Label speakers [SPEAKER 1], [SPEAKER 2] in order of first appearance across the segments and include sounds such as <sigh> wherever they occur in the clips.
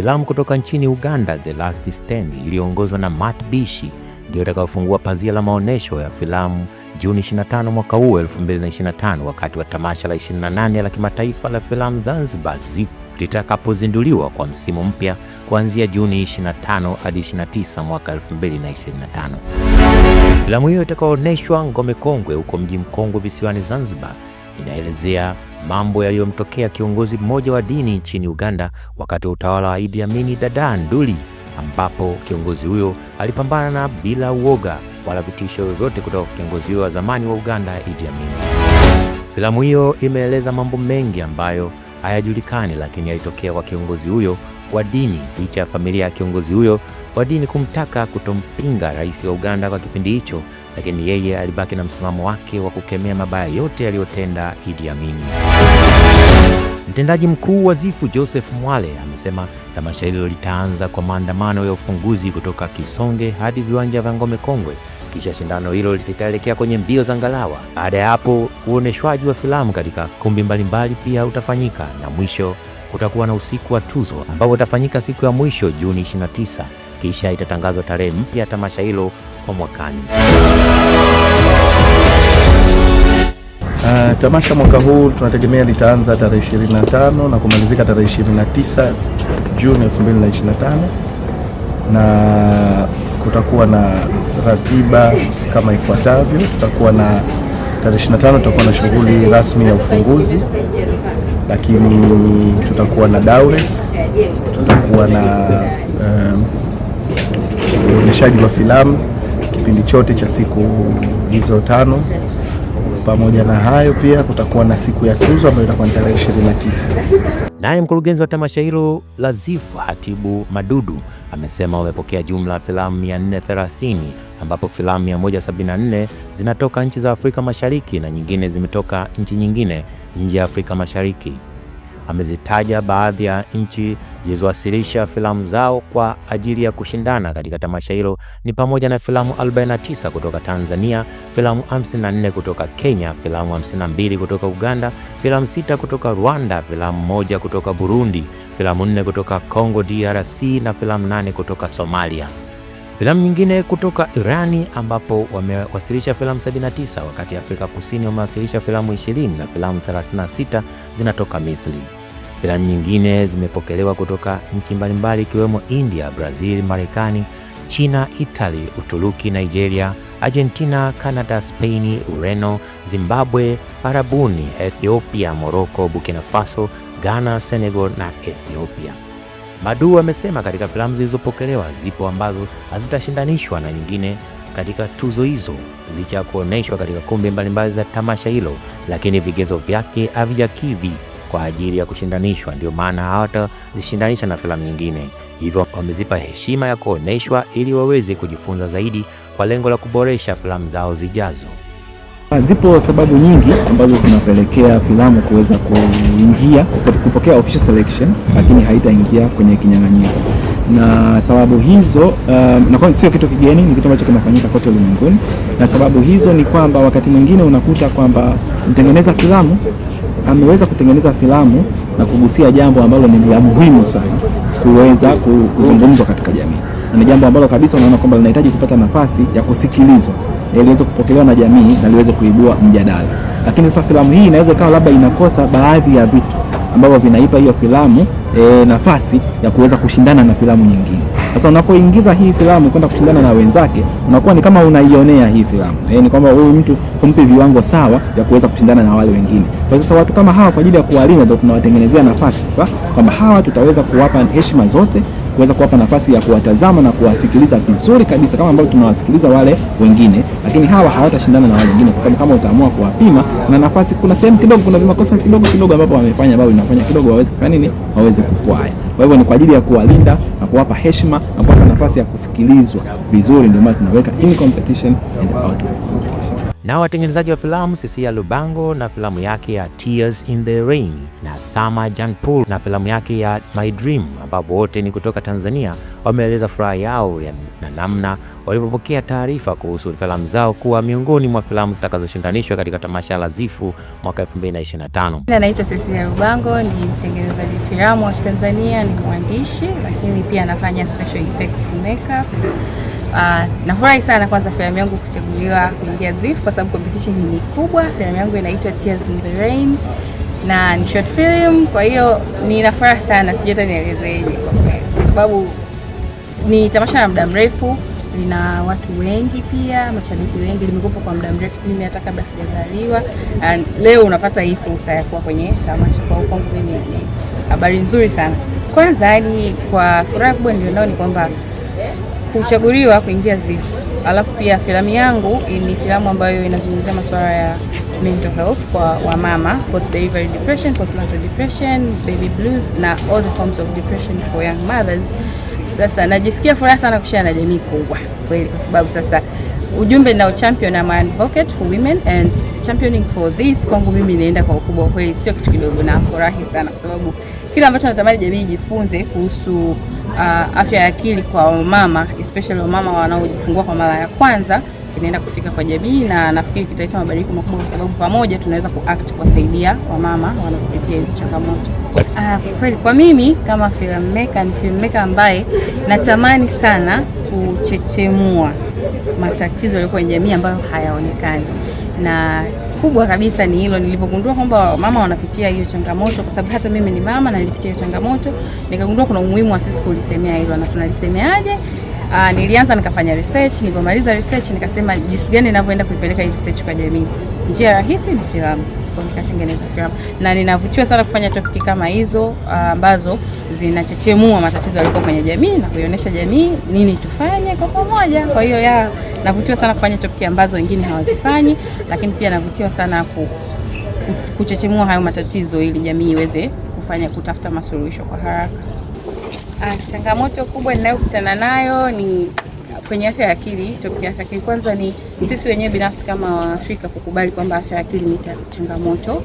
[SPEAKER 1] Filamu kutoka nchini Uganda, The Last Stand, iliyoongozwa na Matt Bishi ndio itakayofungua pazia la maonyesho ya filamu Juni 25 mwaka huu 2025, wakati wa tamasha la 28 la kimataifa la filamu Zanzibar ZIP litakapozinduliwa kwa msimu mpya kuanzia Juni 25 hadi 29 mwaka 2025. Filamu hiyo itakaoonyeshwa Ngome Kongwe huko mji mkongwe visiwani Zanzibar inaelezea mambo yaliyomtokea kiongozi mmoja wa dini nchini Uganda wakati wa utawala wa Idi Amini Dada Nduli, ambapo kiongozi huyo alipambana bila uoga wala vitisho vyovyote kutoka kwa kiongozi huyo wa zamani wa Uganda, Idi Amini. Filamu hiyo imeeleza mambo mengi ambayo hayajulikani, lakini yalitokea kwa kiongozi huyo wa dini, licha ya familia ya kiongozi huyo wa dini kumtaka kutompinga rais wa Uganda kwa kipindi hicho lakini yeye alibaki na msimamo wake wa kukemea mabaya yote yaliyotenda Idi Amin. Mtendaji mkuu wa Zifu Joseph Mwale amesema tamasha hilo litaanza kwa maandamano ya ufunguzi kutoka Kisonge hadi viwanja vya Ngome Kongwe, kisha shindano hilo litaelekea kwenye mbio za ngalawa. Baada ya hapo, uoneshwaji wa filamu katika kumbi mbalimbali pia utafanyika na mwisho kutakuwa na usiku wa tuzo ambao utafanyika siku ya mwisho Juni 29 kisha itatangazwa tarehe mpya tamasha hilo kwa mwakani.
[SPEAKER 2] Uh, tamasha mwaka huu tunategemea litaanza tarehe 25 na kumalizika tarehe 29 Juni 2025 na kutakuwa na ratiba kama ifuatavyo. Tutakuwa na tarehe 25 tutakuwa na shughuli rasmi ya ufunguzi, lakini tutakuwa na daures, tutakuwa na um, uonyeshaji wa filamu kipindi chote cha siku hizo tano. Pamoja na hayo pia kutakuwa na siku ya tuzo ambayo itakuwa ni tarehe 29.
[SPEAKER 1] Naye mkurugenzi wa tamasha hilo Lazifu Hatibu Madudu amesema wamepokea jumla ya filamu 430 ambapo filamu 174 zinatoka nchi za Afrika Mashariki na nyingine zimetoka nchi nyingine nje ya Afrika Mashariki amezitaja baadhi ya nchi zilizowasilisha filamu zao kwa ajili ya kushindana katika tamasha hilo ni pamoja na filamu 49 kutoka Tanzania, filamu 54 kutoka Kenya, filamu 52 kutoka Uganda, filamu 6 kutoka Rwanda, filamu moja kutoka Burundi, filamu 4 kutoka Congo DRC na filamu nane kutoka Somalia. Filamu nyingine kutoka Irani ambapo wamewasilisha filamu 79, wakati Afrika Kusini wamewasilisha filamu 20 na filamu 36 zinatoka Misri. Filamu nyingine zimepokelewa kutoka nchi mbalimbali ikiwemo India, Brazil, Marekani, China, Italy, Uturuki, Nigeria, Argentina, Canada, Spain, Ureno, Zimbabwe, Arabuni, Ethiopia, Morocco, Burkina Faso, Ghana, Senegal na Ethiopia. Madu amesema katika filamu zilizopokelewa zipo ambazo hazitashindanishwa na nyingine katika tuzo hizo, licha ya kuonyeshwa katika kumbi mbalimbali za tamasha hilo, lakini vigezo vyake havijakidhi kwa ajili ya kushindanishwa, ndio maana hawatazishindanisha na filamu nyingine. Hivyo wamezipa heshima ya kuonyeshwa ili waweze kujifunza zaidi kwa lengo la kuboresha filamu zao zijazo.
[SPEAKER 2] Zipo sababu nyingi ambazo zinapelekea filamu kuweza kuingia kupokea official selection, lakini haitaingia kwenye kinyang'anyiro, na sababu hizo um, na sio kitu kigeni, ni kitu ambacho kinafanyika kote ulimwenguni, na sababu hizo ni kwamba wakati mwingine unakuta kwamba mtengeneza filamu ameweza kutengeneza filamu na kugusia jambo ambalo ni la muhimu sana kuweza kuzungumzwa katika jamii, na ni jambo ambalo kabisa unaona kwamba linahitaji kupata nafasi ya kusikilizwa, liweze kupokelewa na jamii na liweze kuibua mjadala. Lakini sasa filamu hii inaweza ikawa labda inakosa baadhi ya vitu ambavyo vinaipa hiyo filamu e, nafasi ya kuweza kushindana na filamu nyingine. Sasa unapoingiza hii filamu kwenda kushindana na wenzake, unakuwa ni kama unaionea hii filamu e, ni kwamba huyu mtu humpi viwango sawa ya kuweza kushindana na wale wengine. Kwa sasa watu kama hawa kwa ajili ya kuwalinda, ndio tunawatengenezea nafasi sasa kwamba hawa tutaweza kuwapa heshima zote kuweza kuwapa nafasi ya kuwatazama na kuwasikiliza vizuri kabisa kama ambavyo tunawasikiliza wale wengine, lakini hawa hawatashindana na wale wengine, kwa sababu kama utaamua kuwapima na nafasi, kuna sehemu kidogo, kuna vimakosa kidogo kidogo ambapo wamefanya, ambao inafanya kidogo waweze kufanya nini, waweze kupwaya. Kwa hivyo ni kwa ajili ya kuwalinda na kuwapa heshima na kuwapa nafasi ya kusikilizwa vizuri, ndio maana tunaweka in competition and out
[SPEAKER 1] na watengenezaji wa filamu Cecilia Lubango na filamu yake ya Tears in the Rain na Sama Janpool na filamu yake ya My Dream, ambapo wote ni kutoka Tanzania, wameeleza furaha yao ya na namna walivyopokea taarifa kuhusu filamu zao kuwa miongoni mwa filamu zitakazoshindanishwa katika tamasha la Zifu mwaka 2025.
[SPEAKER 3] Naitwa Cecilia Lubango, ni mtengenezaji filamu wa Tanzania, ni mwandishi, lakini pia anafanya special effects makeup Uh, nafurahi sana kwanza filamu yangu kuchaguliwa kuingia ZIFF kwa sababu competition ni kubwa. Filamu yangu inaitwa Tears in the Rain na ni short film, kwa hiyo ninafuraha sana, sijui hata nielezeje, kwa sababu ni tamasha la muda mrefu, lina watu wengi, pia mashabiki wengi, limekupa kwa muda mrefu, mimi hata kabla sijazaliwa. Ah, leo unapata hii fursa ya kuwa kwenye tamasha, kwa kwangu mimi ni habari nzuri sana. Kwanza ni kwa furaha kubwa nilionao ni kwamba kuchaguliwa kuingia ZIFF. Alafu pia filamu yangu ni filamu ambayo inazungumzia masuala ya mental health kwa wamama, post delivery depression, postnatal depression, baby blues na all the forms of depression for young mothers. Sasa najisikia furaha sana kushare na jamii kubwa kweli, kwa sababu sasa ujumbe na champion na advocate for women and championing for this, kwangu mimi inaenda kwa ukubwa kweli, sio kitu kidogo, na furahi sana kwa sababu kila ambacho natamani jamii ijifunze kuhusu uh, afya ya akili kwa wamama especially wamama wanaojifungua kwa mara ya kwanza inaenda kufika kwa jamii, na nafikiri kitaleta mabadiliko makubwa, kwa sababu pamoja tunaweza kuact kuwasaidia wamama wanaopitia hizi changamoto. Ah, kwa kweli kwa mimi kama filmmaker, ni filmmaker ambaye natamani sana kuchechemua matatizo yaliyo kwenye jamii ambayo hayaonekani na kubwa kabisa ni hilo. Nilivyogundua kwamba mama wanapitia hiyo changamoto, kwa sababu hata mimi ni mama na nilipitia hiyo changamoto, nikagundua kuna umuhimu wa sisi kulisemea hilo na tunalisemeaje. Uh, nilianza nikafanya research, nilipomaliza research nikasema jinsi gani ninavyoenda kuipeleka hii research kwa jamii. Njia rahisi ni filamu hapo nikatengeneza filamu, na ninavutiwa sana kufanya topic kama hizo ah, ambazo zinachechemua matatizo yaliyoko kwenye jamii na kuionyesha jamii nini tufanye kwa pamoja. Kwa hiyo ya navutiwa sana kufanya topic ambazo wengine hawazifanyi, lakini pia navutiwa sana ku, kuchechemua hayo matatizo ili jamii iweze kufanya kutafuta masuluhisho kwa haraka. Ah, changamoto kubwa ninayokutana nayo ni kwenye afya ya akili, topic ya afya ya akili kwanza ni sisi wenyewe binafsi kama Waafrika kukubali kwamba afya ya akili ni changamoto,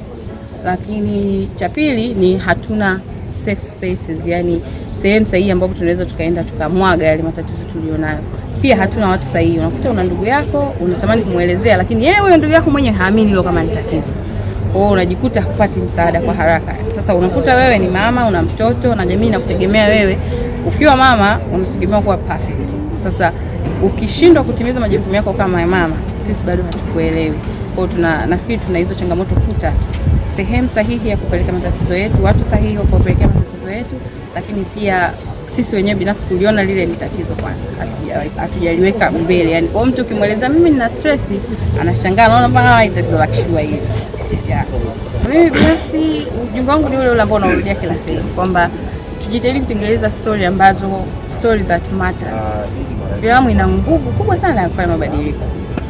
[SPEAKER 3] lakini cha pili ni hatuna safe spaces, yani sehemu sahihi ambapo tunaweza tukaenda tukamwaga yale matatizo tulionayo. Pia hatuna watu sahihi. Unakuta una ndugu yako unatamani kumwelezea, lakini yeye huyo ndugu yako mwenyewe haamini hilo kama ni tatizo kwao, unajikuta hupati msaada kwa haraka. Sasa unakuta wewe ni mama, una mtoto na jamii inakutegemea wewe. Ukiwa mama unategemewa kuwa perfect. Sasa ukishindwa kutimiza majukumu yako kama mama, sisi bado hatukuelewi. Kwa hiyo tuna nafikiri tuna hizo changamoto kuta sehemu sahihi ya kupeleka matatizo yetu, watu sahihi wa kupeleka matatizo yetu, lakini pia sisi wenyewe binafsi kuliona lile ni tatizo kwanza, hatujaliweka mbele. Yani kwa mtu ukimweleza mimi nina stress, anashangaa, naona bana tatizo la kishua hili. Mimi binafsi ujumbe wangu ni ule ule ambao naurudia kila sehemu kwamba tujitahidi kutengeneza stori ambazo story that matters. Ah, filamu ina nguvu kubwa sana ya kufanya mabadiliko,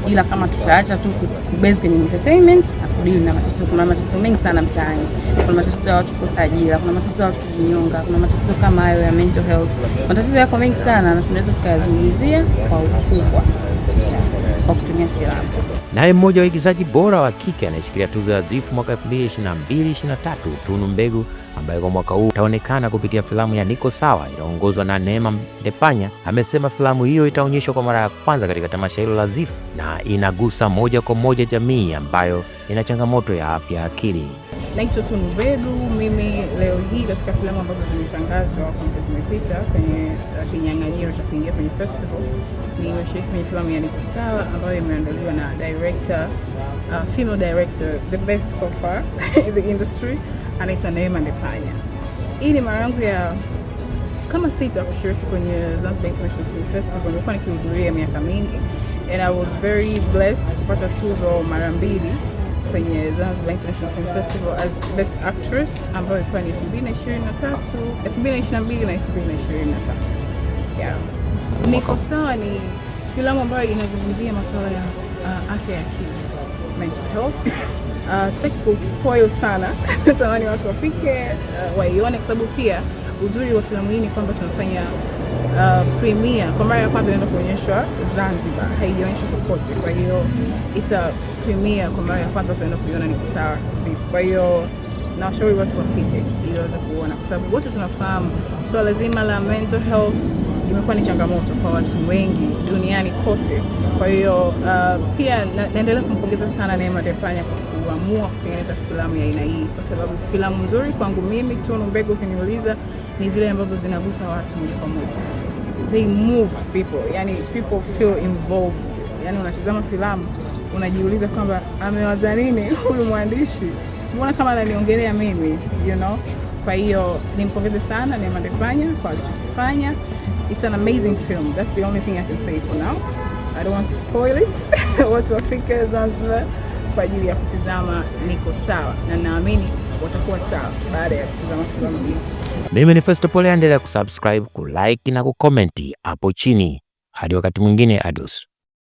[SPEAKER 3] ila kama tutaacha tu kubase kwenye entertainment na kudili na matatizo, kuna matatizo mengi sana mtaani. Kuna matatizo ya watu kukosa ajira, kuna matatizo ya watu kujinyonga, kuna matatizo kama hayo ya mental health. Matatizo yako mengi sana na tunaweza tukayazungumzia kwa ukubwa kwa kutumia filamu.
[SPEAKER 1] Naye mmoja wa waigizaji bora wa kike anayeshikilia tuzo ya Zifu mwaka 2022 23 Tunu Mbegu, ambaye kwa mwaka huu itaonekana kupitia filamu ya Niko Sawa inaongozwa na Neema Ndepanya, amesema filamu hiyo itaonyeshwa kwa mara ya kwanza katika tamasha hilo la Zifu na inagusa moja kwa moja jamii ambayo ina changamoto ya afya akili.
[SPEAKER 4] Naitwa Tunu Mbegu, mimi leo hii katika filamu ambazo zimetangazwa iliyopita kwenye uh, kinyang'anyiro cha kuingia kwenye festival, nimeshiriki kwenye filamu ya Niko Sawa ambayo imeandaliwa na director uh, female director the best so far <laughs> in the industry, anaitwa Neema Ndepanya. Hii ni mara yangu ya kama sita kushiriki kwenye Zanzibar International Film Festival. Nimekuwa nikihudhuria miaka mingi and I was very blessed kupata tuzo mara mbili kwenye Zanzibar International Film Festival as Best Actress ambayo ilikuwa ni 2023, 2022 na 2023. Yeah. Niko Sawa ni filamu ambayo inazungumzia masuala ya uh, afya ya akili, mental health. Uh, sitaki kuspoil sana natamani <laughs> watu wafike, uh, waione, kwa sababu pia uzuri wa filamu hii ni kwamba tunafanya uh, kwa mara ya kwanza inaenda kuonyeshwa Zanzibar, haijaonyeshwa kokote. Kwa hiyo it's a premiere kwa mara ya kwanza, tunaenda kuiona kusawa sawa. Kwa hiyo na washauri watu wafike ili waweze kuona, kwa sababu wote tunafahamu swala so zima la mental health imekuwa ni changamoto kwa watu wengi duniani kote. Kwa hiyo uh, pia na, naendelea kumpongeza sana Neema Tepanya kwa kuamua kutengeneza filamu ya aina hii, kwa sababu filamu nzuri kwangu mimi, Tunu Mbegu, ukiniuliza ni zile ambazo zinagusa watu moja kwa moja, they move people, yani people feel involved. Yani unatizama filamu unajiuliza kwamba amewaza nini <laughs> huyu mwandishi, mbona kama ananiongelea mimi, you know. Kwa hiyo nimpongeze sana Neema Ndefanya kwa alichokifanya. It's an amazing film, that's the only thing I can say for now. I don't want to spoil it <laughs> watu wafike Zanzibar kwa ajili ya kutizama Niko Sawa, na naamini watakuwa sawa baada ya kutizama filamu hii.
[SPEAKER 1] Mimi ni Festo Pole, endelea kusubscribe, kulike na kukomenti hapo chini. Hadi wakati mwingine, adios.